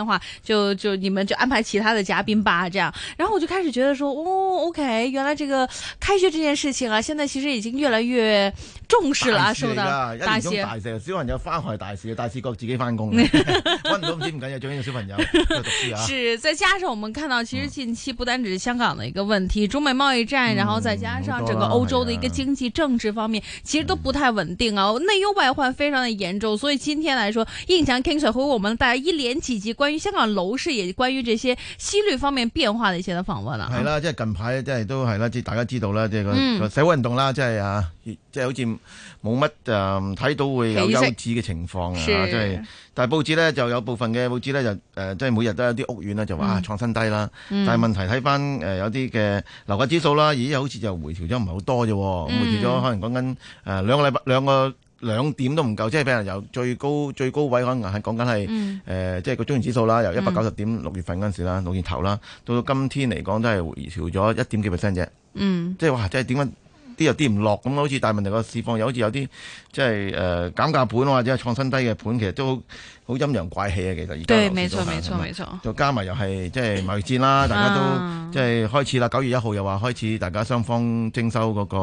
的話，就就你們就安排其他的嘉賓吧，這樣。然後我就開始覺得說，哦，OK，原來這個開學這件事情啊，現在其實已經越來越重視了，是吧？大事，是是大事大事，小朋友翻學大事，大事覺自己翻工了，唔知唔緊要，最緊要小朋友讀書啊。是再加上我們看到，其實近期不單只是香港的一個問題，嗯、中美貿易戰、嗯，然後再加上整個歐洲的一個經濟、嗯、經濟政治方面，其實都不太穩定啊、嗯，內憂外患非常的嚴重。所以今天來說，印象 KingSir 和我們大家一連幾集關。關於香港樓市也關於這些息率方面變化的一些的訪問啦、啊，係啦、啊，即係近排即係都係啦，即大家知道啦，即、這、係、個嗯這個、社會運動啦，即、就、係、是、啊，即、就、係、是、好似冇乜誒睇到會有優質嘅情況啊，即、就、係、是，但係報紙呢，就有部分嘅報紙呢，就誒，即、呃、係每日都有啲屋苑啦，就話啊創新低啦、嗯，但係問題睇翻誒有啲嘅樓價指數啦，而好似就回調咗唔係好多啫、嗯，回調咗可能講緊誒、呃、兩個禮拜兩個。兩點都唔夠，即係俾人由最高最高位可能係講緊係誒，即係個中原指數啦，由一百九十點六月份嗰陣時啦，六月頭啦，到到今天嚟講都係回調咗一點幾 percent 啫。嗯、即係哇，即係點樣？啲有啲唔落咁，好似大問題個市況又好似有啲即係誒減價盤或者創新低嘅盤，其實都好陰陽怪氣啊！其實而家對，冇錯冇錯冇錯，就加埋又係即係貿易戰啦，大家都即係開始啦。九月一號又話開始，大家雙方徵收嗰，那個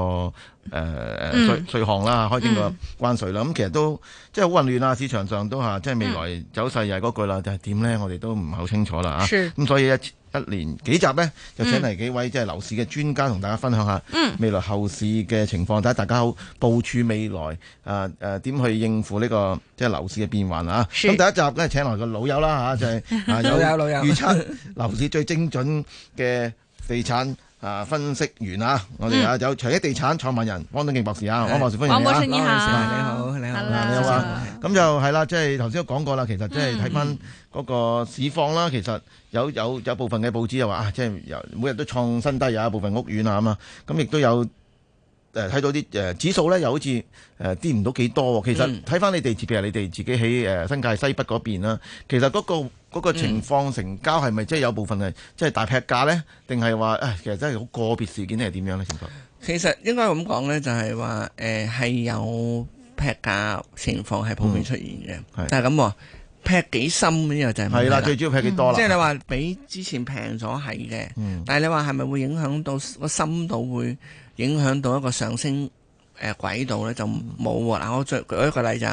誒稅稅項啦，開徵個關稅啦。咁其實都即係好混亂啊！市場上都嚇，即係未來走勢又係嗰句啦，就係點咧？我哋都唔係好清楚啦咁，啊嗯、所以。一連幾集呢，就請嚟幾位即係樓市嘅專家同大家分享一下未來後市嘅情況。大、嗯、家大家好，部署未來啊誒點去應付呢個即係樓市嘅變幻啊！咁第一集咧請嚟個老友啦嚇，就係、是啊、有預測樓市最精準嘅地產啊分析員啊，嗯、我哋、啊、有有祥益地產創辦人汪敦敬博士啊，汪博士歡迎啊，汪博士你好。你好。嗱你、嗯、又話咁、嗯、就係啦，即係頭先都講過啦。其實即係睇翻嗰個市況啦，其實有有有部分嘅報紙又話啊，即係每日都創新低，有一部分屋苑啊咁咁亦都有睇、呃、到啲、呃、指數咧，又好似誒、呃、跌唔到幾多。其實睇翻、嗯、你哋，譬如你哋自己喺新界西北嗰邊啦，其實嗰、個嗰、個情況成交係咪即係有部分係即係大劈價咧？定係話其實真係好個別事件定係點樣咧？情況其實應該咁講咧，就係話係有。劈價情況係普遍出現嘅，係、嗯，但係咁喎，劈幾深呢？又就係問題啦。係啦，最主要劈幾多啦？即係你話比之前平咗係嘅，嗯、但係你話係咪會影響到個深度會影響到一個上升誒軌道咧？就冇喎嗱。嗯、我再舉一個例就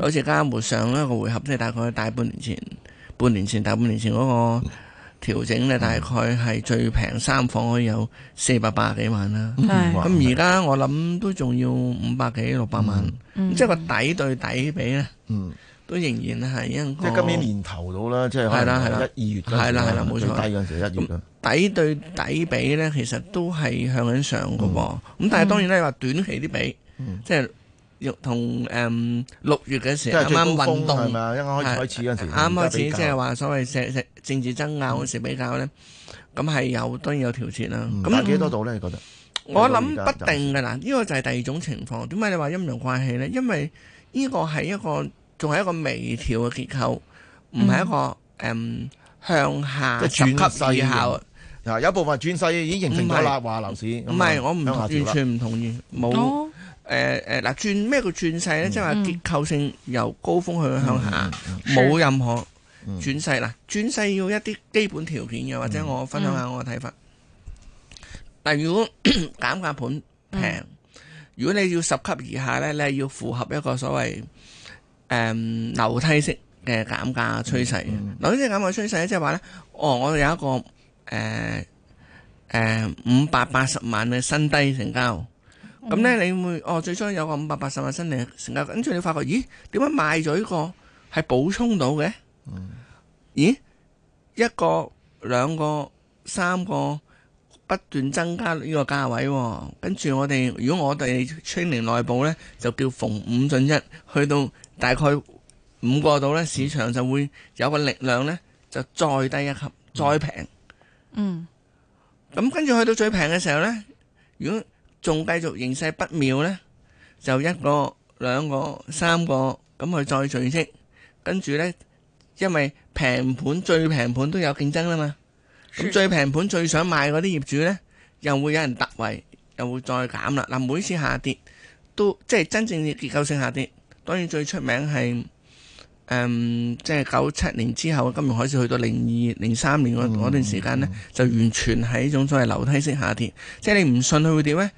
好似家間上一個回合，即係大概大半年前、半年前、大半年前嗰、那個。嗯調整咧，大概係最平三房可以有四百八幾萬啦。咁而家我諗都仲要五百幾六百萬。嗯、即係個底對底比咧、嗯，都仍然係因即係今年年頭到啦，即係可能一二月啦係最低嗰陣時，一月。底對底比咧，其實都係向緊上嘅噃。咁、嗯、但係當然咧，話短期啲比，嗯、即係。同誒，六月嗰時啱啱運動，啱啱開始嗰陣時啱啱開始，即係話所謂石石政治爭拗嗰時比較咧，咁係有當然有調節啦。咁打幾多度咧？你覺得？我諗不定噶啦，呢個就係第二種情況。點解你話陰陽怪氣咧？因為呢個係一個仲係一個微調嘅結構，唔係一個誒向下十級細嘅。嗱，有部分轉勢已經形成咗啦，話樓市唔係我唔完全唔同意冇。誒誒嗱，轉咩叫轉勢咧？即係話結構性由高峰向向下，冇、嗯嗯嗯、任何轉勢啦。轉、嗯、勢要一啲基本條件嘅，或者我分享下我嘅睇法。嗱、嗯，但如果減價盤平，如果你要十級以下咧，你係要符合一個所謂誒樓梯式嘅減價趨勢。樓梯式減價趨勢咧，即係話咧，哦，我哋有一個誒誒五百八十萬嘅新低成交。咁、嗯、呢，你會哦，最衰有個五百八十萬新領成交，跟住你發覺，咦？點解賣咗呢個係補充到嘅？嗯，咦？一個、兩個、三個不斷增加呢個價位、哦，跟住我哋，如果我哋 training 內部呢，就叫逢五進一，去到大概五個度呢，市場就會有個力量呢，就再低一級，再平。嗯。咁跟住去到最平嘅時候呢，如果仲繼續形勢不妙呢，就一個兩個三個咁佢再聚集，跟住呢，因為平盤最平盤都有競爭啦嘛。咁最平盤最想買嗰啲業主呢，又會有人突圍，又會再減啦。嗱，每次下跌都即係真正嘅結構性下跌。當然最出名係嗯，即係九七年之後今日開始去到零二零三年嗰段時間呢、嗯，就完全係一種所謂樓梯式下跌。即係你唔信佢會點呢？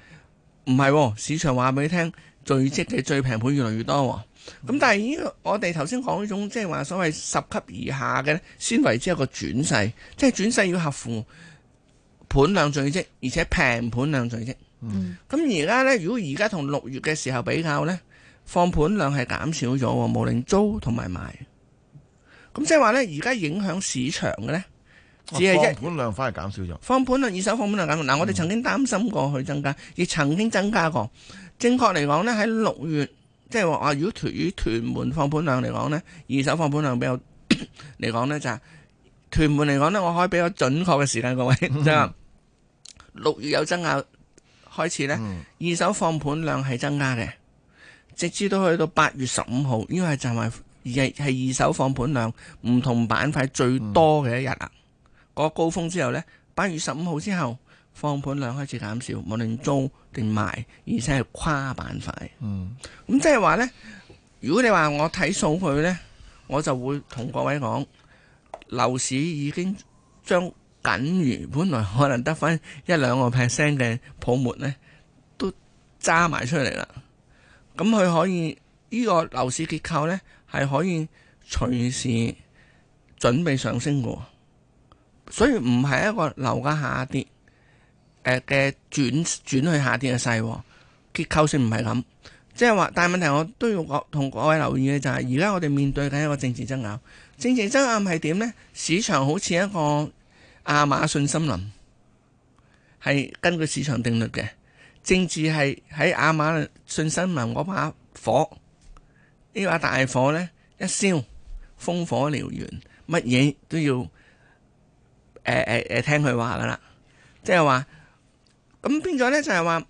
唔係、哦，市場話俾你聽，聚積嘅最平盤越來越多、哦。咁、嗯、但係呢我哋頭先講呢種即係話所謂十級以下嘅呢先為之一個轉勢，即係轉勢要合乎盤量聚積，而且平盤量聚積。咁而家呢，如果而家同六月嘅時候比較呢，放盤量係減少咗、哦，無論租同埋賣。咁即係話呢，而家影響市場嘅呢。只係一、啊、放盤量反而減少咗。放盤量，二手放盤量減少。嗱、嗯啊，我哋曾經擔心過去增加，亦曾經增加過。正確嚟講呢，喺六月即係話，如果於屯門放盤量嚟講呢，二手放盤量比較嚟講 呢，就係、是、屯門嚟講呢，我可以比較準確嘅時間，各位六、就是嗯、月有增壓開始呢、嗯，二手放盤量係增加嘅，直至到去到八月十五號，因為就係係係二手放盤量唔同板塊最多嘅一日啊。嗯個高峰之後呢，八月十五號之後，放盤量開始減少，無論租定賣，而且係跨板塊。嗯，咁即係話呢，如果你話我睇數據呢，我就會同各位講，樓市已經將僅餘，本來可能得返一兩個 percent 嘅泡沫呢，都揸埋出嚟啦。咁佢可以呢、呢個樓市結構呢，係可以隨時準備上升嘅。所以唔係一個樓價下跌，嘅轉轉去下跌嘅勢，結構性唔係咁。即係話，但係問題我都要同各位留意嘅就係，而家我哋面對緊一個政治爭拗。政治爭拗係點呢？市場好似一個亞馬遜森林，係根據市場定律嘅。政治係喺亞馬遜森林嗰把火，呢把大火呢一燒，烽火燎原，乜嘢都要。誒誒誒，聽佢話噶啦，即係話，咁變咗咧就係話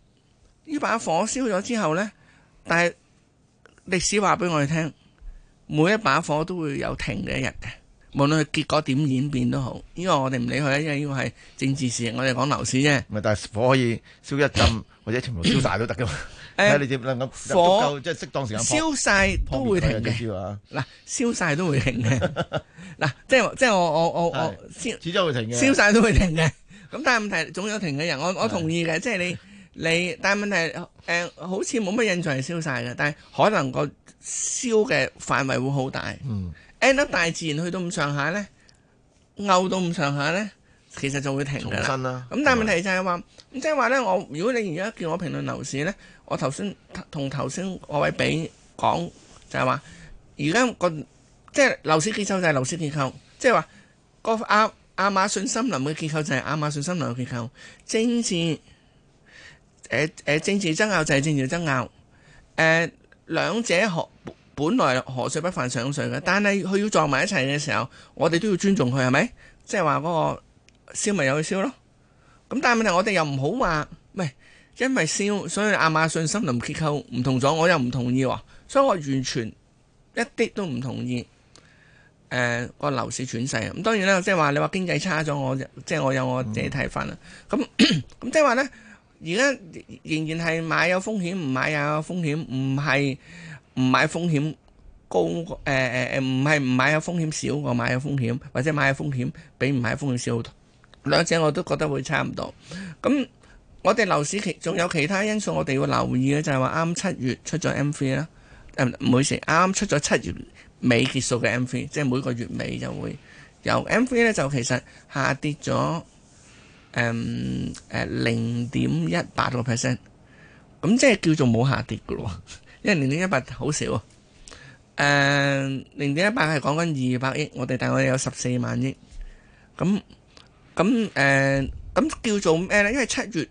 呢把火燒咗之後咧，但係歷史話俾我哋聽，每一把火都會有停嘅一日嘅，無論佢結果點演變都好。呢個我哋唔理佢啦，因為呢個係政治事，我哋講樓市啫。唔係，但係火可以燒一浸 或者全部燒晒都得噶嘛。睇你點能夠足夠即係適當時間燒晒都會停嘅，知嗱燒晒都會停嘅嗱，即係即係我我我我始終會停嘅。燒晒都會停嘅，咁 但係問題總有停嘅人，我我同意嘅，即係、就是、你你，但係問題誒、呃，好似冇乜印象係燒晒嘅，但係可能個燒嘅範圍會好大，嗯，end up 大自然去到咁上下咧，拗到咁上下咧，其實就會停嘅啦。咁、啊、但係問題就係話即係話咧，我如果你而家叫我評論樓市咧。我頭先同頭先我位俾講就係話，而家個即係樓市結構就係樓市結構，即係話個阿亞馬遜森林嘅結構就係亞馬遜森林嘅結構，政治誒誒政治爭拗就係政治爭拗，誒兩者河本來河水不犯上水嘅，但係佢要撞埋一齊嘅時候，我哋都要尊重佢，係咪？即係話嗰個燒咪由佢燒咯，咁但係問題我哋又唔好話，喂。因為燒，所以亞馬遜森林結構唔同咗，我又唔同意，所以我完全一啲都唔同意。誒、呃，個樓市轉勢啊！咁當然啦，即係話你話經濟差咗，我即係、就是、我有我自己睇法啦。咁咁即係話咧，而家、就是、仍然係買有風險，唔買有風險，唔係唔買風險高，誒誒誒，唔係唔買有風險少過買有風險，或者買有風險比唔買嘅風險少，兩者我都覺得會差唔多。咁、嗯。我哋樓市其仲有其他因素，我哋會留意嘅就係話啱七月出咗 MV 啦、呃，唔好意思啱出咗七月尾結束嘅 MV 即係每個月尾就會由 MV 咧就其實下跌咗誒誒零點一八個 percent，咁即係叫做冇下跌嘅咯，因為零點一八好少啊。誒零點一八係講緊二百億，我哋大概有十四萬億咁咁誒咁叫做咩咧？因為七月。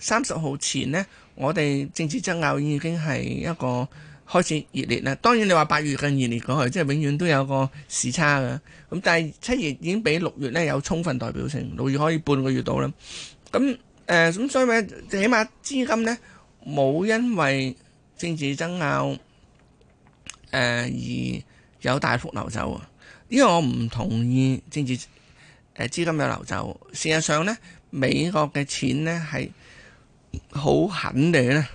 三十號前呢，我哋政治爭拗已經係一個開始熱烈啦。當然你話八月更熱烈過去，即係永遠都有個時差㗎。咁但係七月已經比六月呢有充分代表性，六月可以半個月到啦。咁誒咁所以咪，起碼資金呢冇因為政治爭拗誒、呃、而有大幅流走啊。因為我唔同意政治誒、呃、資金嘅流走。事實上呢，美國嘅錢呢係。好肯定呢，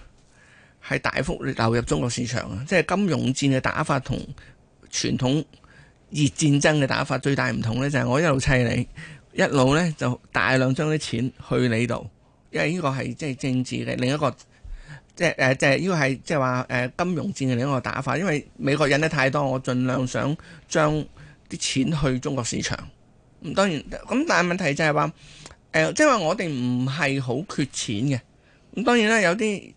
係大幅流入中國市場啊！即係金融戰嘅打法同傳統熱戰爭嘅打法最大唔同呢，就係我一路砌你，一路呢就大量將啲錢去你度，因為呢個係即係政治嘅另一個，即係呢個係即係話金融戰嘅另一個打法。因為美國引得太多，我盡量想將啲錢去中國市場。咁當然咁，但係問題就係話，呃，即係話我哋唔係好缺錢嘅。咁當然啦，有啲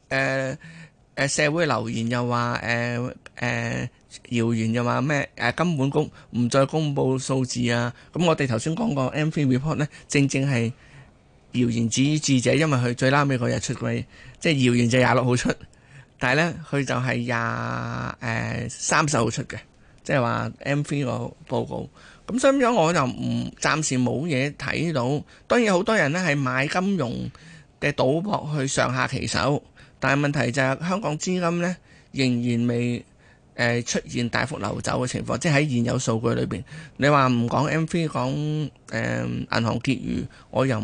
誒社會留言又話誒誒謠言又話咩誒根本公唔再公佈數字啊！咁我哋頭先講過 m v report 咧，正正係謠言止於智者，因為佢最拉尾嗰日出嘅，即係謠言就廿六號出，但係咧佢就係廿誒三十號出嘅，即係話 m v 個報告。咁所以咁我就唔暫時冇嘢睇到。當然好多人咧係買金融，嘅賭博去上下其手，但問題就係香港資金呢，仍然未出現大幅流走嘅情況，即係喺現有數據裏面，你話唔講 M3 講誒銀行結餘，我又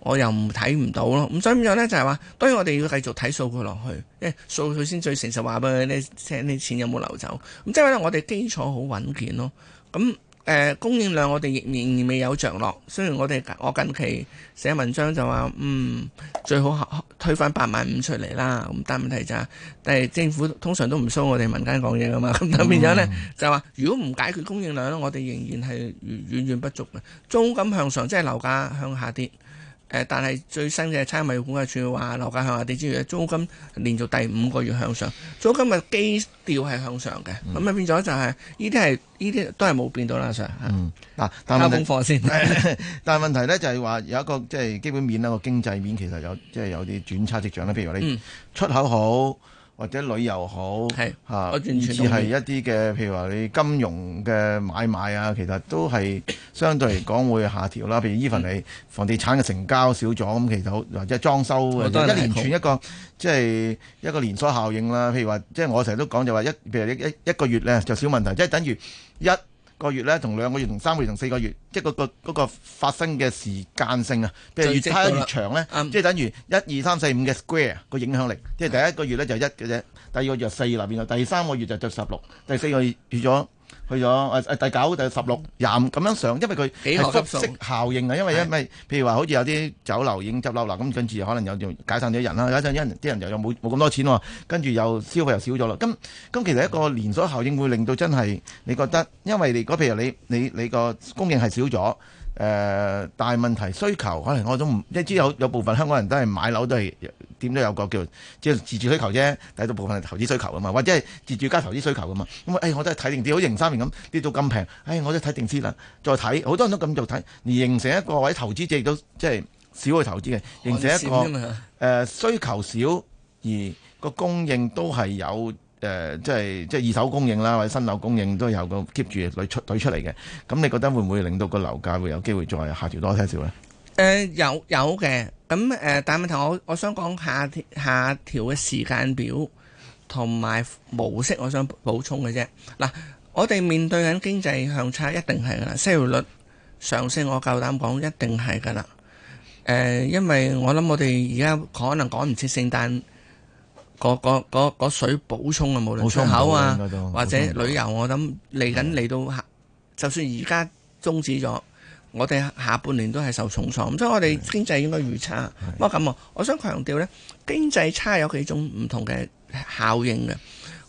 我又唔睇唔到咯。咁所以咁樣呢，就係話當然我哋要繼續睇數據落去，數據先最誠實話俾你聽即係啲錢有冇流走。咁即係我哋基礎好穩健咯。咁。誒、呃、供應量我哋仍然未有着落，雖然我哋我近期寫文章就話，嗯，最好推返八萬五出嚟啦。唔但問題就係，但係政府通常都唔騷我哋民間講嘢㗎嘛，咁、mm -hmm。就變咗咧就話，如果唔解決供應量咧，我哋仍然係遠遠不足。租金向上即係樓價向下跌。誒，但係最新嘅差委股嘅傳話，樓價向下跌之餘，地主嘅租金連續第五個月向上，租金嘅基調係向上嘅，咁、嗯、啊變咗就係呢啲係呢啲都係冇變到啦，Sir。嗯，嗱，但係加功課先。 但係問題咧就係、是、話有一個即係基本面啦，個經濟面其實有，、就是、有即係有啲轉差跡象啦，譬如話你出口好。或者旅遊好，嚇是，以至係一啲嘅， 譬如話你金融嘅買賣啊，其實都係相對嚟講會下調啦。譬如依份你房地產嘅成交少咗，咁其實好， 或者裝修係係一連串一個即係、就係、一個連鎖效應啦。譬如話，即係我成日都講就話一，譬如一一一個月咧就少問題，即係等於一。個月咧，同兩個月，同三個月，同四個月，即係嗰個嗰個發生嘅時間性啊，譬如越差越長咧，即係等於一二三四五嘅 square 個影響力，即係第一個月咧就一嘅啫，第二個月就四，然後第三個月就就十六，第四個月預咗，去咗誒誒第九第十六廿五咁樣上，因為佢係複息效應啊，因為因為是的 譬如話好似有啲酒樓已經執笠啦，咁跟住可能又解散咗人啦，解散咗人啲人又又冇冇咁多錢喎，跟住又消費又少咗啦，咁咁其實一個連鎖效應會令到真係你覺得，因為你嗰，譬如你你你個供應係少咗。誒、呃，大問問題需求可能我都唔，一啲有有部分香港人都係買樓都係點都有個叫即係自住需求啫，第一部分係投資需求啊嘛，或者係自住加投資需求啊嘛。咁我都係睇定啲，好似零三年咁跌到咁平，誒，我都睇定啲啦，再睇好多人都咁做。睇，而形成一個位投資者亦都即係少去投資嘅，形成一個,成一個、呃、需求少而個供應都係有。誒，即係即係二手供應啦，或者新樓供應都有個 keep 住推出推出嚟嘅。咁你覺得會唔會令到個樓價會有機會再下調多啲少呢？誒，有有嘅。咁誒，但係問題我我想講下下調嘅時間表同埋模式，我想補充嘅啫。嗱，我哋面對緊經濟向差，一定係噶啦，失業率上升，我夠膽講一定係噶啦。誒，因為我諗我哋而家可能趕唔切聖誕。個，個，個，個水補充啊，無論出口啊，或者旅遊，我諗嚟緊嚟到，就算而家終止咗，我哋下半年都係受重創。所以我哋經濟應該預差。不過咁啊，我想強調呢，經濟差有幾種唔同嘅效應嘅。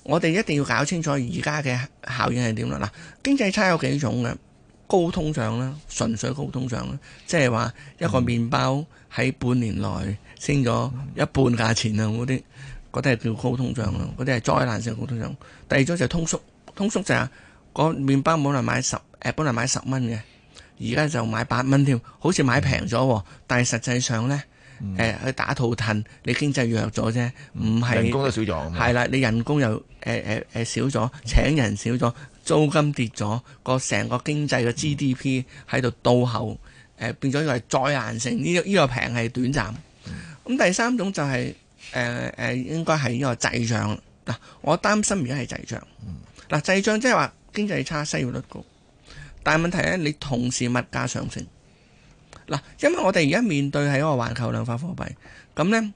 我哋一定要搞清楚而家嘅效應係點啦。嗱，經濟差有幾種嘅高通脹啦，純粹高通脹啦，即係話一個麵包喺半年內升咗一半價錢啊！嗰、嗯、啲。嗰啲係叫高通脹咯，嗰啲係災難性高通脹。第二種就通縮，通縮就係嗰麪包本嚟買十，誒本嚟買十蚊嘅，而家就買八蚊添，好似買平咗喎。但係實際上咧，誒去打倒褪，你經濟弱咗啫，唔係人工都少咗。係啦，你人工又誒誒誒少咗，請人少咗，租金跌咗，個成個經濟嘅 GDP 喺度倒後，誒變咗呢個係災難性。呢呢個平係短暫。咁第三種就係。誒、呃、誒，應該係呢個滯脹。我擔心而家係滯脹。嗱，滯脹即係話經濟差、失業率高，但係問題咧，你同時物價上升。嗱，因為我哋而家面對係一個環球量化貨幣，咁咧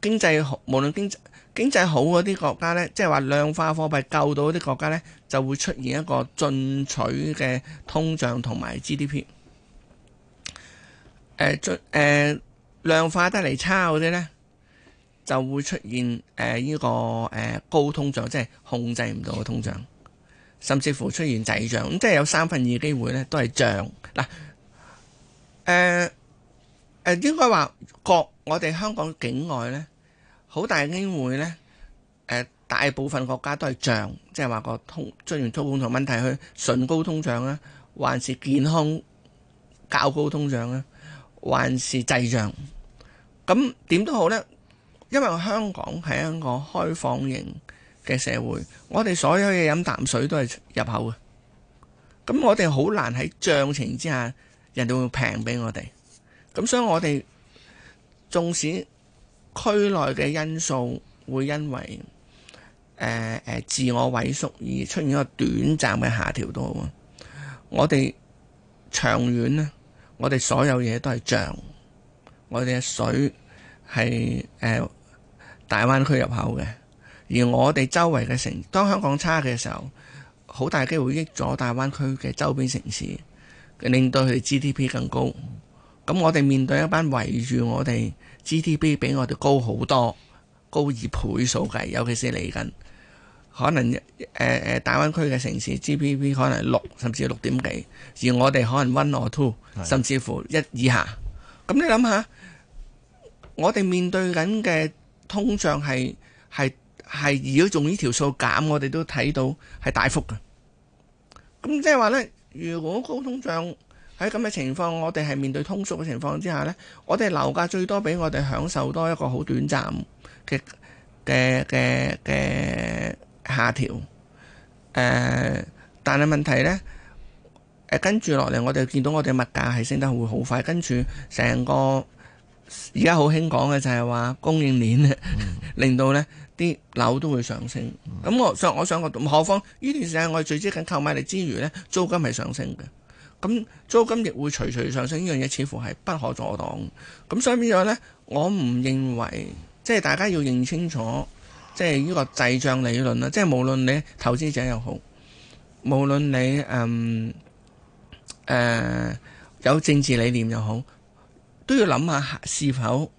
經濟好無論經濟經濟好嗰啲國家咧，即係話量化貨幣夠到嗰啲國家咧，就會出現一個進取嘅通脹同埋 GDP、呃。誒進誒，量化得嚟差嗰啲咧。就會出現誒依、呃這個誒、呃、高通脹，即係控制唔到嘅通脹，甚至乎出現滯脹。咁即係有三分二機會咧，都係漲嗱。誒、呃、誒、呃，應該話國我哋香港境外呢，好大機會呢、呃，大部分國家都係漲，即係話個通出現通脹同問題去純高通脹咧，還是健康較高通脹咧，還是滯脹。咁點都好呢。因為香港係一個開放型嘅社會，我哋所有嘢飲淡水都係入口嘅。咁我哋好難喺漲情之下，人哋會平俾我哋。咁所以我哋縱使區內嘅因素會因為誒誒、呃、自我萎縮而出現一個短暫嘅下調都好啊，我哋長遠咧，我哋所有嘢都係漲，我哋嘅水係誒。呃大灣區入口嘅，而我哋周圍嘅城，當香港差嘅時候，好大機會益咗大灣區嘅周邊城市，令到佢 GDP 更高。咁我哋面對一班圍住我哋 GDP 比我哋高好多，高二倍數計，尤其是嚟緊，可能誒誒、呃、大灣區嘅城市 GDP 可能六甚至六點幾，而我哋可能 one or two，甚至乎一以下。咁你諗下，我哋面對緊嘅。通脹係係係如果用呢條數減，我哋都睇到係大幅嘅。咁即係話呢，如果高通脹喺咁嘅情況，我哋係面對通縮嘅情況之下呢，我哋樓價最多俾我哋享受多一個好短暫嘅嘅嘅嘅下調。誒，但係問題呢，誒跟住落嚟，我哋見到我哋物價係升得會好快，跟住成個。而家好興講嘅就係話供應鏈、嗯、 令到呢啲樓都會上升。咁、嗯、我想我想個，何況呢段時間我哋最接近購買力之餘呢，租金係上升嘅。咁租金亦會隨隨上升，呢樣嘢似乎係不可阻擋。咁所以呢樣呢，我唔認為，即係大家要認清楚，即係呢個滯脹理論啦。即係無論你投資者又好，無論你嗯誒、呃、有政治理念又好。都要諗下是否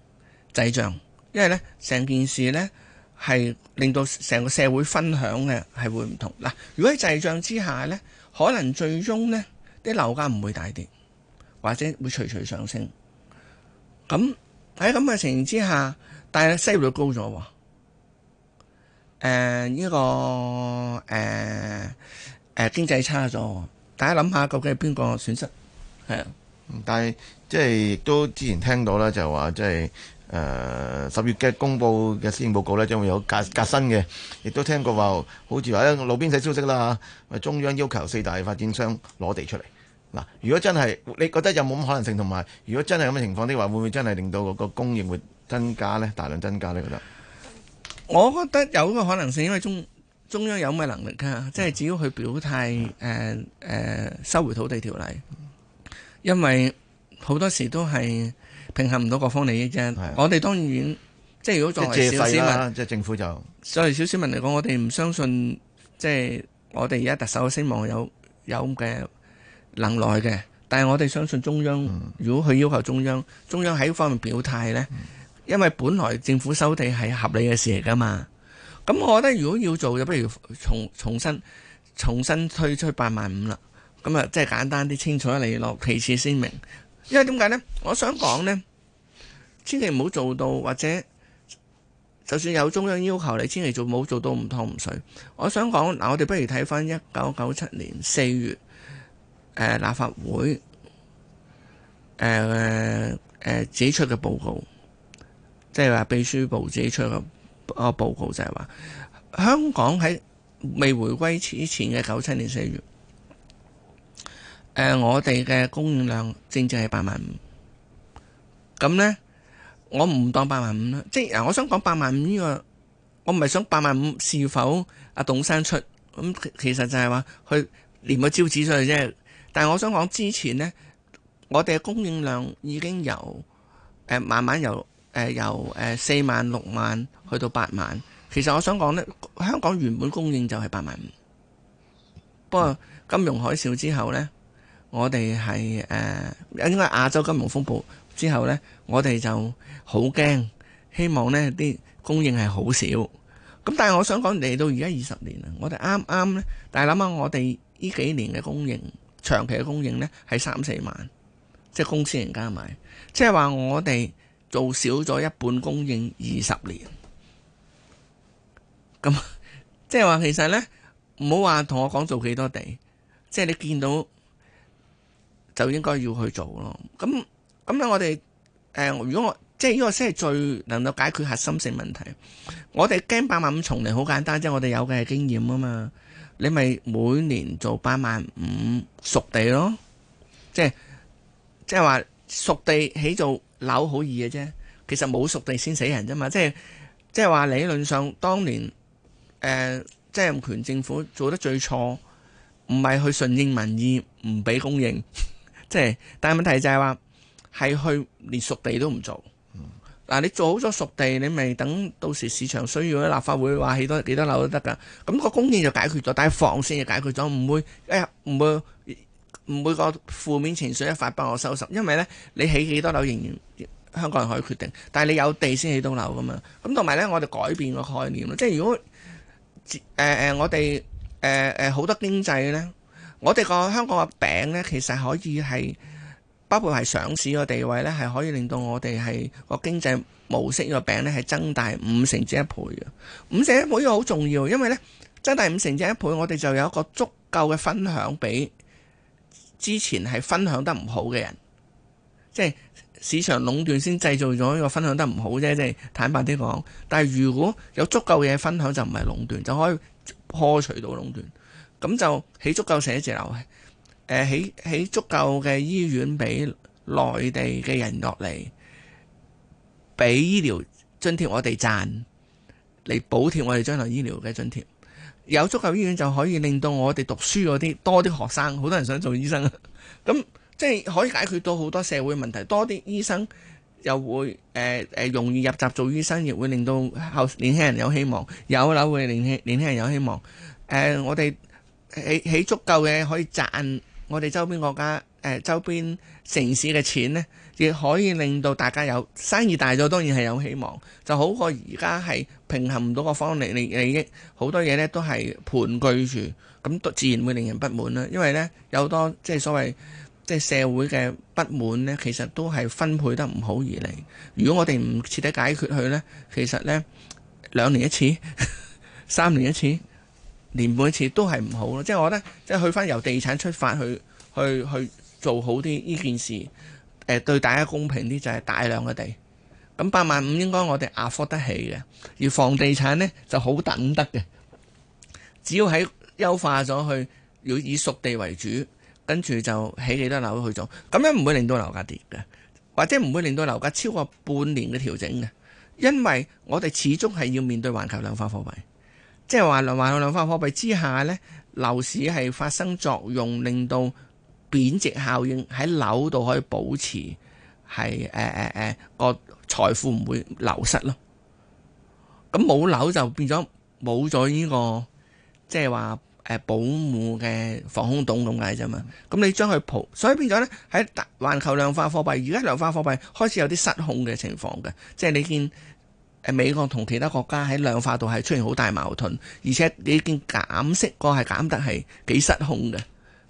滯脹，因為咧成件事咧係令到成個社會分享嘅係會唔同。嗱，如果喺滯脹之下咧，可能最終咧啲樓價唔會大跌，或者會徐徐上升。咁喺咁嘅情形之下，但係失業率高咗，誒、啊、呢、這個誒誒、啊啊、經濟差咗，大家諗下究竟係邊個損失？係啊，但係。即係亦都之前聽到啦，就話即係誒十月嘅公佈嘅施政報告呢，將會有革革新嘅。亦都聽過話，好似話咧路邊社消息啦，中央要求四大發展商攞地出嚟。嗱，如果真係你覺得有冇咁嘅可能性，同埋如果真係咁嘅情況的話，會唔會真係令到嗰個供應會增加呢？大量增加，你覺得？我覺得有個可能性，因為中中央有咁嘅能力㗎。即係只要佢表態誒誒、呃呃、收回土地條例，因為。好多時都係平衡唔到各方利益啫。我哋當然即係如果作為小市民，即係政府就作為小市民嚟講，我哋唔相信即係我哋而家特首嘅聲望有有嘅能耐嘅。但係我哋相信中央，如果佢要求中央，嗯、中央喺呢方面表態呢、嗯，因為本來政府收地係合理嘅事嚟噶嘛。咁我覺得如果要做，就不如重重新重新推出八萬五啦。咁啊，即係簡單啲、清楚啲、利落，其次先明。因為點解呢？我想講呢，千祈唔好做到，或者就算有中央要求你，千祈做唔好做到唔湯唔水。我想講嗱，我哋不如睇翻一九九七年四月，呃、立法會誒、呃呃、自己出嘅報告，即係話秘書部自己出嘅個報告就是說，就係話香港喺未回歸之前嘅九七年四月。誒，我哋嘅供應量正正係八萬五，咁咧我唔當八萬五啦，即係啊，我想講八萬五呢個，我唔係想八萬五是否阿董生出，咁其實就係話佢連個招子出去啫。但係我想講之前咧，我哋嘅供應量已經由誒慢慢由誒由誒四萬六萬去到八萬。其實我想講咧，香港原本供應就係八萬五，不過金融海嘯之後咧。我哋係誒，因為亞洲金融風暴之後呢，我哋就好驚，希望呢啲供應係好少。咁但係，我想講嚟到而家二十年喇，我哋啱啱呢。但係諗下，我哋呢幾年嘅供應長期嘅供應呢係三四萬，即係公司人加埋，即係話我哋做少咗一半供應二十年。咁即係話其實呢唔好話同我講做幾多地，即係你見到。就應該要去做咯。咁咁我哋誒、呃，如果我即係呢個先係最能夠解決核心性問題。我哋驚八萬五重嚟，好簡單，即係我哋有嘅經驗啊嘛。你咪每年做八萬五熟地咯，即係即係話熟地起做樓好易嘅啫。其實冇熟地先死人啫嘛。即係即係話理論上當年、呃、即係曾蔭權政府做得最錯，唔係去順應民意唔俾供應。即係，但係問題就係話，係去連熟地都唔做。嗱，你做好咗熟地，你咪等到時市場需要咧，立法會話起多幾多樓都得㗎。咁個供應就解決咗，但係房先就解決咗，唔會誒唔會唔會個負面情緒一發幫我收拾。因為咧，你起幾多樓仍然香港人可以決定。但係你有地先起到樓㗎嘛。咁同埋咧，我哋改變個概念咯。即係如果誒誒，我哋誒誒好多經濟咧。我哋個香港個餅呢，其實可以係包括係上市個地位呢，係可以令到我哋係個經濟模式個餅呢係增大五成至一倍嘅。五成一倍嘢好重要，因為呢，增大五成至一倍，我哋就有一個足夠嘅分享俾之前係分享得唔好嘅人。即係市場壟斷先製造咗個分享得唔好啫。即係坦白啲講，但係如果有足夠嘢分享，就唔係壟斷，就可以破除到壟斷。咁就起足夠寫字樓，誒，起起足夠嘅醫院俾內地嘅人落嚟，俾醫療津貼我哋賺，嚟補貼我哋將來醫療嘅津貼。有足夠醫院就可以令到我哋讀書嗰啲多啲學生，好多人想做醫生啊。咁即係可以解決到好多社會問題。多啲醫生又會誒誒容易入閘做醫生，亦會令到後年輕人有希望，有樓會令年年輕人有希望。誒，我哋。起，起足夠嘅可以賺我哋周邊國家誒、呃、周邊城市嘅錢呢，亦可以令到大家有生意大咗，當然係有希望，就好過而家係平衡唔到各方利益，好多嘢呢都係盤踞住，咁都自然會令人不滿啦。因為呢有好多即係所謂即係社會嘅不滿呢，其實都係分配得唔好而嚟。如果我哋唔徹底解決佢呢，其實呢兩年一次， 三年一次。年每次都係唔好咯，即係我覺得，即係去翻由地產出發去去去做好啲呢件事，誒、呃、對大家公平啲就係、是、大量嘅地，咁八萬五應該我哋 afford 得起嘅，而房地產呢就好等得嘅，只要喺優化咗去，要以熟地為主，跟住就起幾多樓去做，咁樣唔會令到樓價跌嘅，或者唔會令到樓價超過半年嘅調整嘅，因為我哋始終係要面對環球量化貨幣。即係話，環球量化貨幣之下呢樓市係發生作用，令到貶值效應喺樓度可以保持，係誒誒誒個財富唔會流失咯。咁冇樓就變咗冇咗呢個，即係話誒保護嘅防空洞咁解啫嘛。咁你將佢抱，所以變咗呢。喺大環球量化貨幣，而家量化貨幣開始有啲失控嘅情況嘅，即係你見。誒美國同其他國家喺量化度係出現好大矛盾，而且已經減息過係減得係幾失控嘅，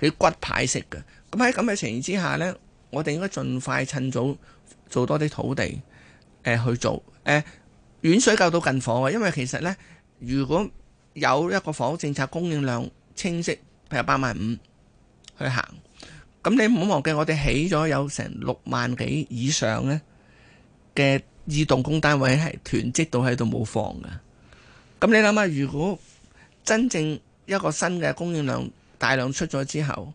佢骨牌式嘅。咁喺咁嘅情形之下咧，我哋應該盡快趁早做多啲土地誒去做。誒遠水救到近火喎，因為其實咧，如果有一個房屋政策供應量清晰，譬如八萬五去行，咁你唔好忘記我哋起咗有成六萬幾以上咧嘅。已動工單位係囤積到喺度冇放噶，咁你諗下，如果真正一個新嘅供應量大量出咗之後，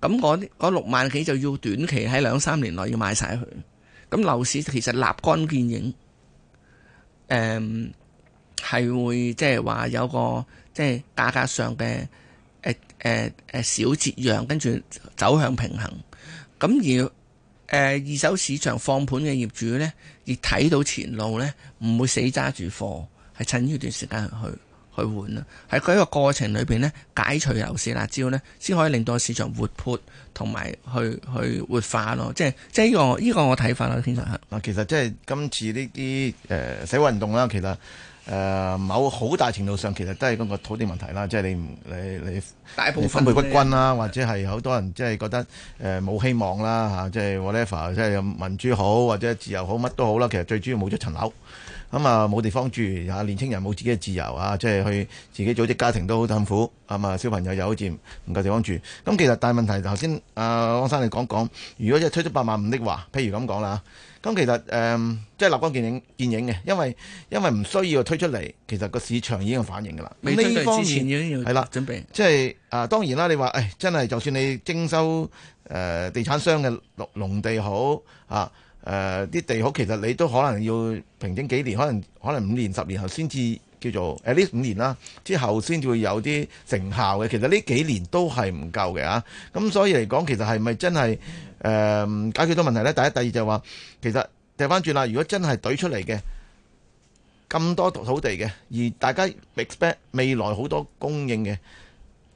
咁嗰六萬幾就要短期喺兩三年內要賣晒佢，咁樓市其實立竿見影，係係會即係話有個即係價格上嘅誒誒小折讓，跟住走向平衡，咁而。誒、uh，二手市場放盤嘅業主呢，亦睇到前路呢，唔會死揸住貨，係趁呢段時間去去換啦。喺佢一個過程裏面呢，解除樓市辣椒呢，先可以令到市場活潑同埋去去活化咯。即係即係、呢個、呢個呢、呢個我睇法啦，先生。嗱，其實即係今次呢啲死洗運動啦，其實。誒、呃，某好大程度上其實都係嗰個土地問題啦，即係你唔你你大部分你分配不均啦，或者係好多人即係、就是、覺得誒冇、呃、希望啦，即係 whatever，即係民主好或者自由好乜都好啦，其實最主要冇咗層樓，咁啊冇地方住、啊、年青人冇自己嘅自由啊，即、就、係、是、去自己組織家庭都好辛苦，咁啊小朋友又好似唔夠地方住，咁、啊、其實大問題頭、呃、先阿汪生你講講，如果即係推出八萬五的話，譬如咁講啦。咁其實、嗯、即係立竿見影見影嘅，因為因為唔需要推出嚟，其實個市場已經有反應㗎啦。未推出之前，係啦，準備，即係啊，當然啦！你話誒，真係就算你徵收、呃、地產商嘅農地好啊，啲、呃、地好，其實你都可能要平整幾年，可能可能五年、十年後先至。叫做誒呢五年啦，之後先至會有啲成效嘅。其實呢幾年都係唔夠嘅啊，咁所以嚟講，其實係咪真係誒、呃、解決到問題呢？第一、第二就係、是、話，其實掉翻轉啦，如果真係懟出嚟嘅咁多土地嘅，而大家 expect 未來好多供應嘅，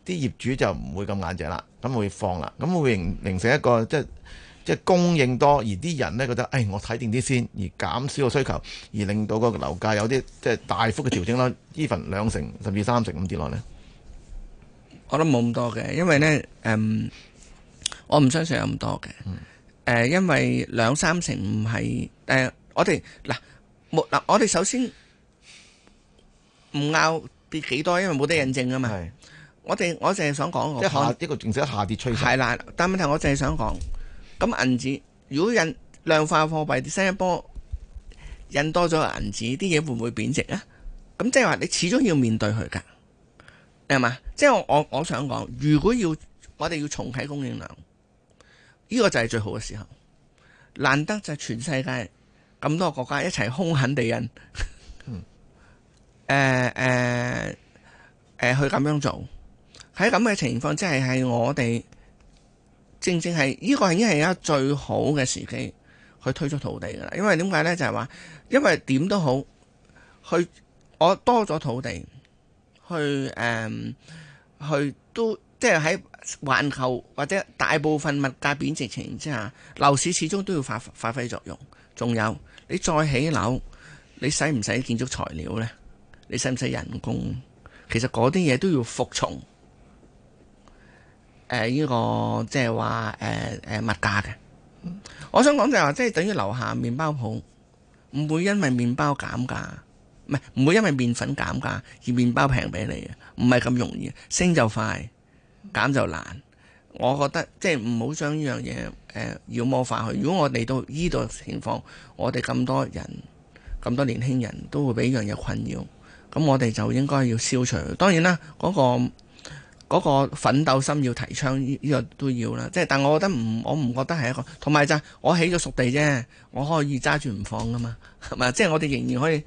啲業主就唔會咁眼淨啦，咁會放啦，咁會，會形成一個即係。就是即係供應多，而啲人咧覺得，誒、哎，我睇定啲先，而減少個需求，而令到個樓價有啲即係大幅嘅調整啦。依份兩成甚至三成咁跌落嚟，我都冇咁多嘅，因為咧，誒、嗯，我唔相信有咁多嘅。誒、嗯，因為兩三成唔係誒，我哋嗱嗱我哋首先唔拗跌幾多，因為冇得印證啊嘛。我哋我淨係想講即係下呢個淨係下跌趨勢係啦，但問題我淨係想講。咁銀紙，如果印量化貨幣，新一波印多咗銀紙，啲嘢會唔會貶值啊？咁即係話，你始終要面對佢噶，係嘛？即係我我想講，如果要我哋要重啟供應量，呢個就係最好嘅時候。難得就係全世界咁多國家一齊兇狠地印，誒誒誒去咁樣做。喺咁嘅情況，即係係我哋。正正係呢、這個係已經而家最好嘅時機去推出土地㗎啦，因為點解呢？就係、是、話，因為點都好，去我多咗土地，去誒、嗯，去都即係喺環球或者大部分物價貶值情形之下，樓市始終都要發發揮作用。仲有你再起樓，你使唔使建築材料呢？你使唔使人工？其實嗰啲嘢都要服從。誒，呢個即係話誒誒物價嘅，我想講就係話，即係等於樓下麵包鋪唔會因為麵包減價，唔係唔會因為麵粉減價而麵包平俾你嘅，唔係咁容易，升就快，減就難。我覺得即係唔好將呢樣嘢誒妖魔化去。如果我哋到呢度情況，我哋咁多人咁多年輕人都會俾呢樣嘢困擾，咁我哋就應該要消除。當然啦，嗰個。嗰個奮鬥心要提倡，呢呢個都要啦。即係，但我覺得唔，我唔覺得係一個。同埋就我起咗熟地啫，我可以揸住唔放噶嘛，係咪？即係我哋仍然可以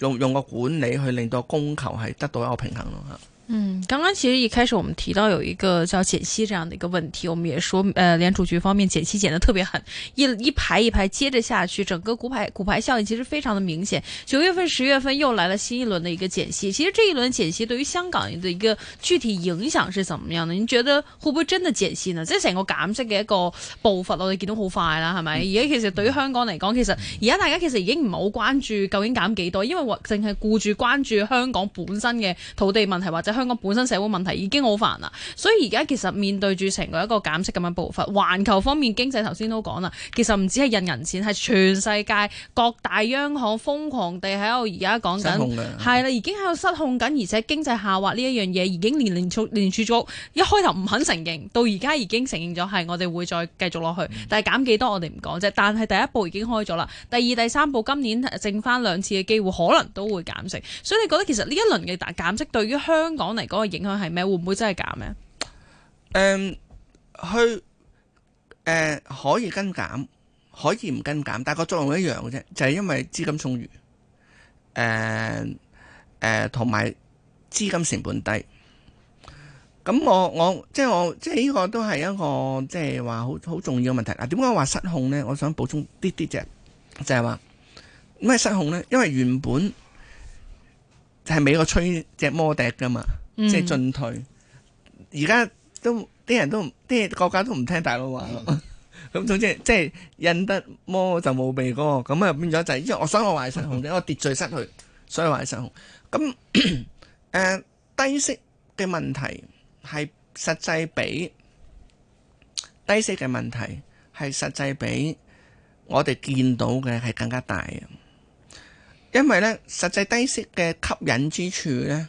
用用個管理去令到供求係得到一個平衡咯。嗯，剛剛其實一開始我們提到有一個叫減息這樣的一個問題，我們也說，呃，聯儲局方面減息減得特別狠，一一排一排接着下去，整個骨牌骨牌效應其實非常的明顯。九月份、十月份又來了新一輪的一個減息，其實這一輪減息對於香港的一個具體影響是怎麼樣呢？你覺得會不會真的減息呢？即係成個減息嘅一個步伐，我哋見到好快啦，係咪？而、嗯、家其實對於香港嚟講，其實而家大家其實已經唔好關注究竟減幾多，因為我淨係顧住關注香港本身嘅土地問題或者。香港本身社會問題已經好煩啦，所以而家其實面對住成個一個減息咁嘅步伐。環球方面經濟頭先都講啦，其實唔止係印銀錢，係全世界各大央行瘋狂地喺度而家講緊，係啦，已經喺度失控緊，而且經濟下滑呢一樣嘢已經連續連續連續一開頭唔肯承認，到而家已經承認咗係我哋會再繼續落去，但係減幾多我哋唔講啫。但係第一步已經開咗啦，第二、第三步今年剩翻兩次嘅機會，可能都會減息。所以你覺得其實呢一輪嘅減息對於香港？講嚟嗰個影響係咩？會唔會真係減咧？誒、嗯，去誒、呃、可以跟減，可以唔跟減，但係個作用一樣嘅啫，就係、是、因為資金充裕，誒、呃、誒、同、呃、埋資金成本低。咁我我即係我即係呢個都係一個即係話好好重要嘅問題。嗱，點解話失控咧？我想補充啲啲啫，就係話咩失控咧？因為原本。就係、是、美國吹隻魔笛 d 噶嘛，即係進退。而、嗯、家都啲人都啲國家都唔聽大佬話，咁、嗯、 總之即係印得魔就冇鼻哥，咁啊變咗就係、是。因為我想我壞事紅，我秩序失去，所以壞神紅。咁誒、呃、低息嘅問題係實際比低息嘅問題係實際比我哋見到嘅係更加大的。因為咧，實際低息嘅吸引之處咧，誒、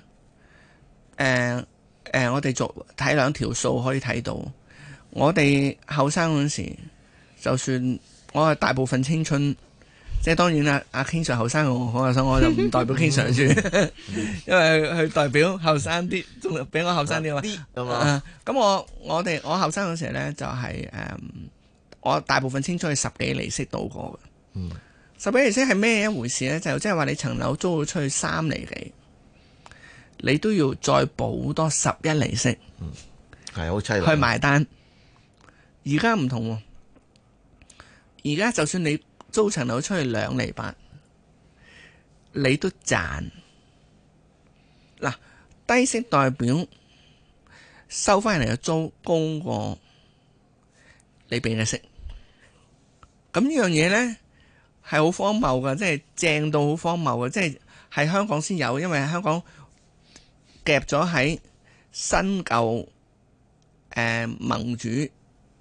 呃、誒、呃，我哋做睇兩條數可以睇到，我哋後生嗰時，就算我係大部分青春，即係當然啦，阿 King Sir 後生我、， 嗯我， 嗯啊、我，我想我就唔代表 King Sir 住，因為佢代表後生啲，仲比我後生啲啊，咁我我哋我後生嗰時咧就係誒，我大部分青春係十幾厘息度過嘅。嗯十一厘息係咩一回事咧？就即係話你層樓租咗出去三厘幾，你都要再補多十一厘息，係好淒，去埋單。而家唔同，啊，而家就算你租層樓出去兩厘八，你都賺。嗱，低息代表收翻嚟嘅租高過你俾嘅息，咁呢樣嘢咧。係好荒謬噶，即係正到好荒謬噶，即係喺香港先有，因為香港夾咗喺新舊誒盟主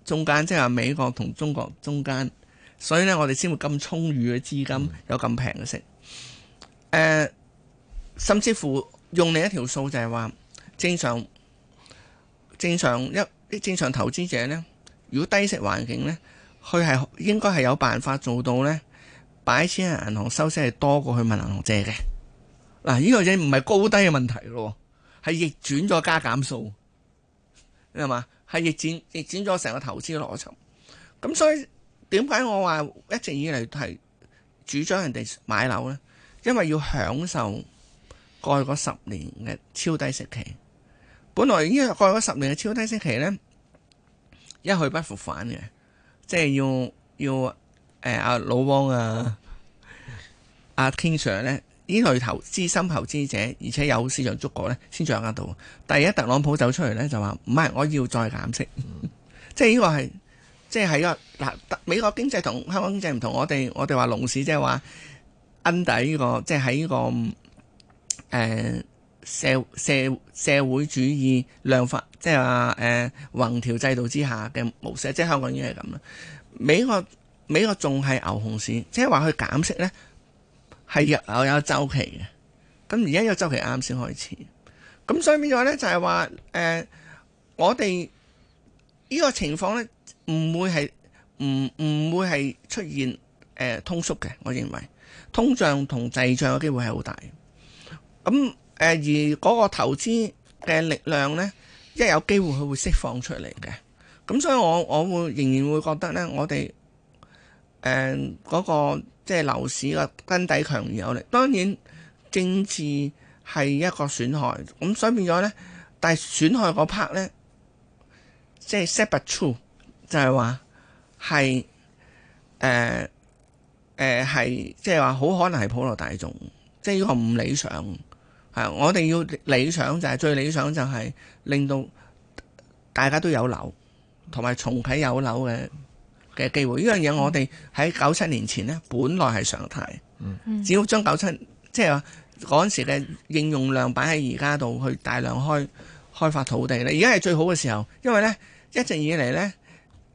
中間，即係話美國同中國中間，所以咧我哋先會咁充裕嘅資金，有咁平嘅息。誒，甚至乎用另一條數就係話，正常正常一啲正常投資者咧，如果低息環境咧，佢係應該係有辦法做到咧。擺錢喺銀行收息係多過去問銀行借嘅。嗱呢個嘢唔係高低嘅問題咯，係逆轉咗加減數，明白嘛？係逆轉逆轉咗成個投資嘅邏輯，咁所以點解我話一直以嚟係主張人哋買樓咧？因為要享受過去十年嘅超低息期，本來呢個過去十年嘅超低息期咧一去不復返嘅，即係要要。要誒阿老汪啊，阿、啊啊、King Sir 咧，呢類投資深投資者，而且有市場觸覺咧，先掌握到。第一特朗普走出嚟咧，就話唔係我要再減息，嗯、 即係呢個係即係喺個嗱美國經濟同香港經濟唔同。我哋我哋話龍市即係話 under 呢個即係喺呢個誒社社社會主義量化，即係話誒橫條制度之下嘅模式，即係香港已經係咁啦，美國。美國仲係牛熊市，即係話佢減息呢係又有有周期嘅。咁而家呢個周期啱先開始，咁所以變咗呢，就係話，誒，我哋呢個情況呢唔會係唔唔會係出現誒通縮嘅。我認為通脹同滯脹嘅機會係好大。咁誒而嗰個投資嘅力量呢，一有機會佢會釋放出嚟嘅。咁所以我我會仍然會覺得呢，我哋。誒、呃、嗰、那個即係樓市個根底強而有力，當然政治係一個損害，咁所以變咗咧，但係損害嗰 part 咧，即係 set but true 就係話係誒誒係即係話好可能係普羅大眾，即係呢個唔理想係，我哋要理想就係、是、最理想就係、是、令到大家都有樓同埋重啟有樓嘅。嘅機會，呢樣嘢我哋喺九七年前呢，本來係常態。嗯，只要將九七即係嗰陣時嘅應用量擺喺而家度，去大量開開發土地，而家係最好嘅時候，因為呢，一直以嚟呢，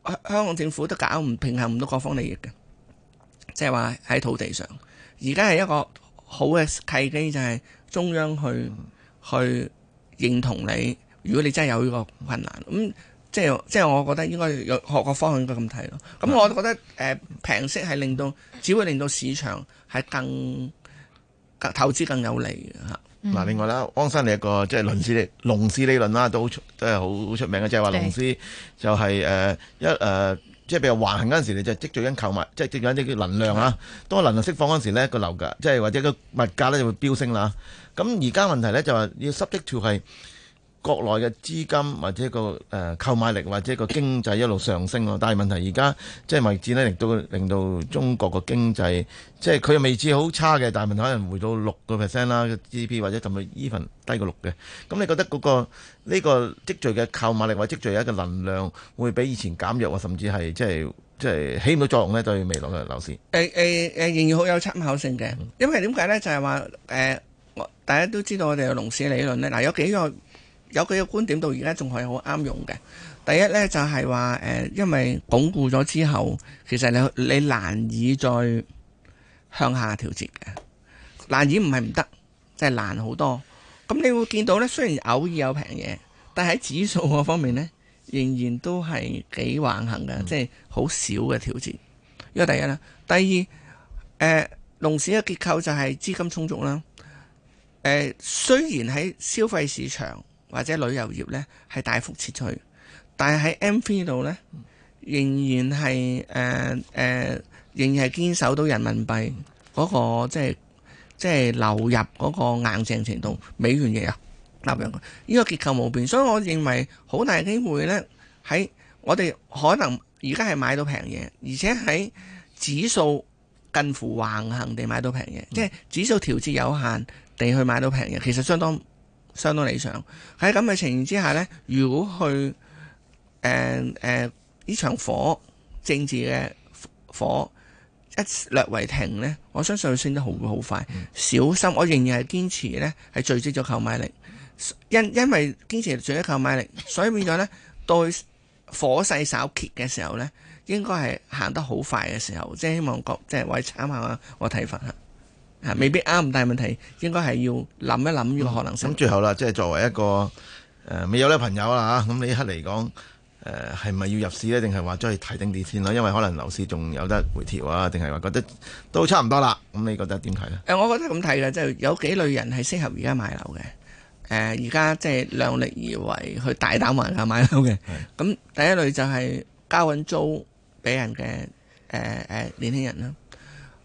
香港政府都搞唔平衡唔到各方利益嘅，即係話喺土地上，而家係一個好嘅契機，就係中央去去認同你，如果你真係有呢個困難咁。嗯即係即係，我覺得應該有學個方向應該咁睇咯。咁我覺得誒平、呃、息係令到，只會令到市場係更投資更有利嘅嚇。嗱、嗯，另外啦，安生你一個即係輪市理龍市理論啦、啊，都好都係好好出名嘅、就是就是呃呃，即係話龍師就係誒一誒，即係比較橫行嗰陣時你就積聚緊購物，即係積聚緊啲叫能量啦、啊。當能量釋放嗰時時咧，個樓價即係或者個物價咧就會飆升啦。咁而家問題咧就話、是、要 subject to 係國內嘅資金或者、那個誒、呃、購買力或者個經濟一路上升咯，但係問題而家即係咪知呢？亦都令到中國個經濟即係佢又未至好差嘅，但係問題可能回到六個 percent 啦，GDP 或者甚至 even 低過六嘅。咁你覺得嗰、那個呢、這個積聚嘅購買力或者積聚一個能量會比以前減弱啊，甚至係即係即係起唔到作用呢？對未來嘅樓市？誒誒誒仍然好有參考性嘅，因為點解呢？就係話誒，我、呃、大家都知道我哋嘅龍市理論呢。嗱、呃、有幾個。有佢嘅觀點，到而家仲係好啱用嘅。第一呢，就係話因為鞏固咗之後，其實你你難以再向下調節嘅，難以唔係唔得，即係難好多。咁你會見到呢，雖然偶爾有平嘢，但喺指數嗰方面呢，仍然都係幾橫行嘅、嗯，即係好少嘅調節。因為第一啦，第二誒，龍市嘅結構就係資金充足啦。誒、呃，雖然喺消費市場。或者旅遊業呢係大幅撤退，但係喺 M3 度呢，仍然係誒誒，仍然係堅守到人民幣嗰個即係即係流入嗰個硬淨程度，美元嘢啊流入，呢個結構冇變，所以我認為好大機會呢，喺我哋可能而家係買到平嘢，而且喺指數近乎橫行地買到平嘢，嗯、即係指數調節有限地去買到平嘢，其實相當。相當理想。喺咁嘅情形之下呢，如果去誒誒呢場火，政治嘅火一略為停，呢我相信會升得好好快。小心，我仍然係堅持呢，係聚積咗購買力，因因為堅持聚積購買力，所以變咗呢，對火勢稍歇嘅時候呢，應該係行得好快嘅時候，即係希望各即係位參考下我睇法。啊，未必啱，但係問題應該係要諗一諗呢個可能性。咁、嗯、最後啦，即係作為一個誒、呃，未有咧朋友啦吓。咁你呢一刻嚟講，誒係咪要入市咧？定係話再睇定啲先咯？因為可能樓市仲有得回調啊，定係話覺得都差唔多啦。咁你覺得點睇咧？誒、呃，我覺得咁睇啦，即、就、係、是、有幾類人係適合而家買樓嘅。誒、呃，而家即係量力而為，去大膽還價買樓嘅。咁第一類就係交緊租俾人嘅誒誒年輕人啦，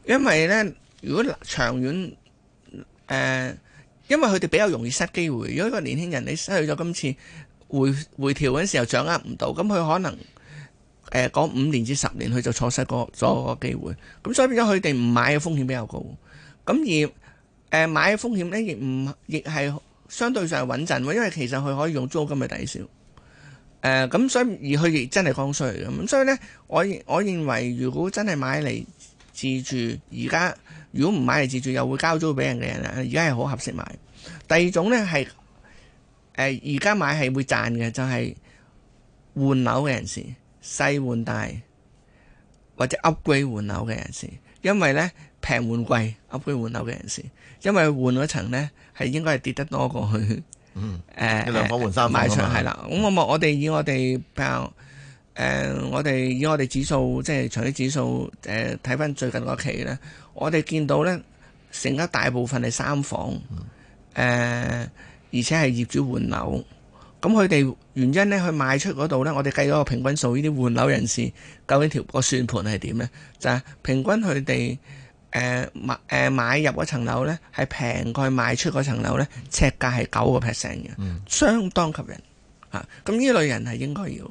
因為呢。如果長遠、呃、因為佢哋比較容易失機會。如果一個年輕人你失去咗今次回回調嗰陣時候，掌握唔到，咁佢可能誒講五年至十年，佢就錯失咗左個機會。咁、嗯、所以變咗佢哋唔買嘅風險比較高。咁而誒、呃、買嘅風險呢，亦唔亦係相對上係穩陣，因為其實佢可以用租金去抵消。咁、呃、所以而佢亦真係剛需嘅。咁所以呢，我我認為如果真係買嚟。自住，而家如果唔買嚟自住又會交租俾人嘅人啦，而家係好合適買。第二種咧係誒而家買係會賺嘅，就係換樓嘅人士，細換大或者 upgrade 換樓嘅人士，因為咧平換貴 upgrade 換樓嘅人士，因為換咗層咧係應該係跌得多過去。嗯。誒、呃。一兩房換三房係啦，咁、嗯、我我哋以我哋比較。呃、我哋以我哋指數，即係長期指數，誒、呃，睇翻最近嗰期咧，我哋見到咧，成一大部分係三房，誒、嗯呃，而且係業主換樓，咁佢哋原因咧去賣出嗰度咧，我哋計咗個平均數，呢啲換樓人士究竟條個算盤係點咧？就係、係、平均佢哋誒買誒買入嗰層樓咧係平過賣出嗰層樓咧，尺價係九個 percent 嘅，相當吸引吓，咁呢類人係應該要。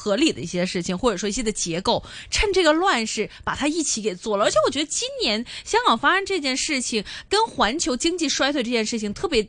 合理的一些事情，或者說一些的結構，趁這個亂世把它一起給做了。而且我覺得今年香港發生這件事情，跟環球經濟衰退這件事情特別。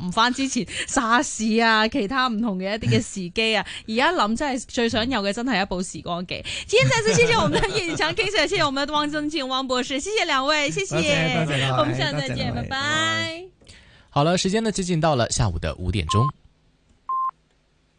唔翻之前沙士啊，其他唔同嘅一啲嘅時機啊，而家諗真係最想有嘅真係一部時光機。今天再次謝謝，我們嘅現場 King Sir，謝謝我們的， 我們的汪敦敬、汪博士，謝謝兩位，謝謝，謝謝我們下次再見，拜拜。好了，時間呢接近到了下午的五點鐘。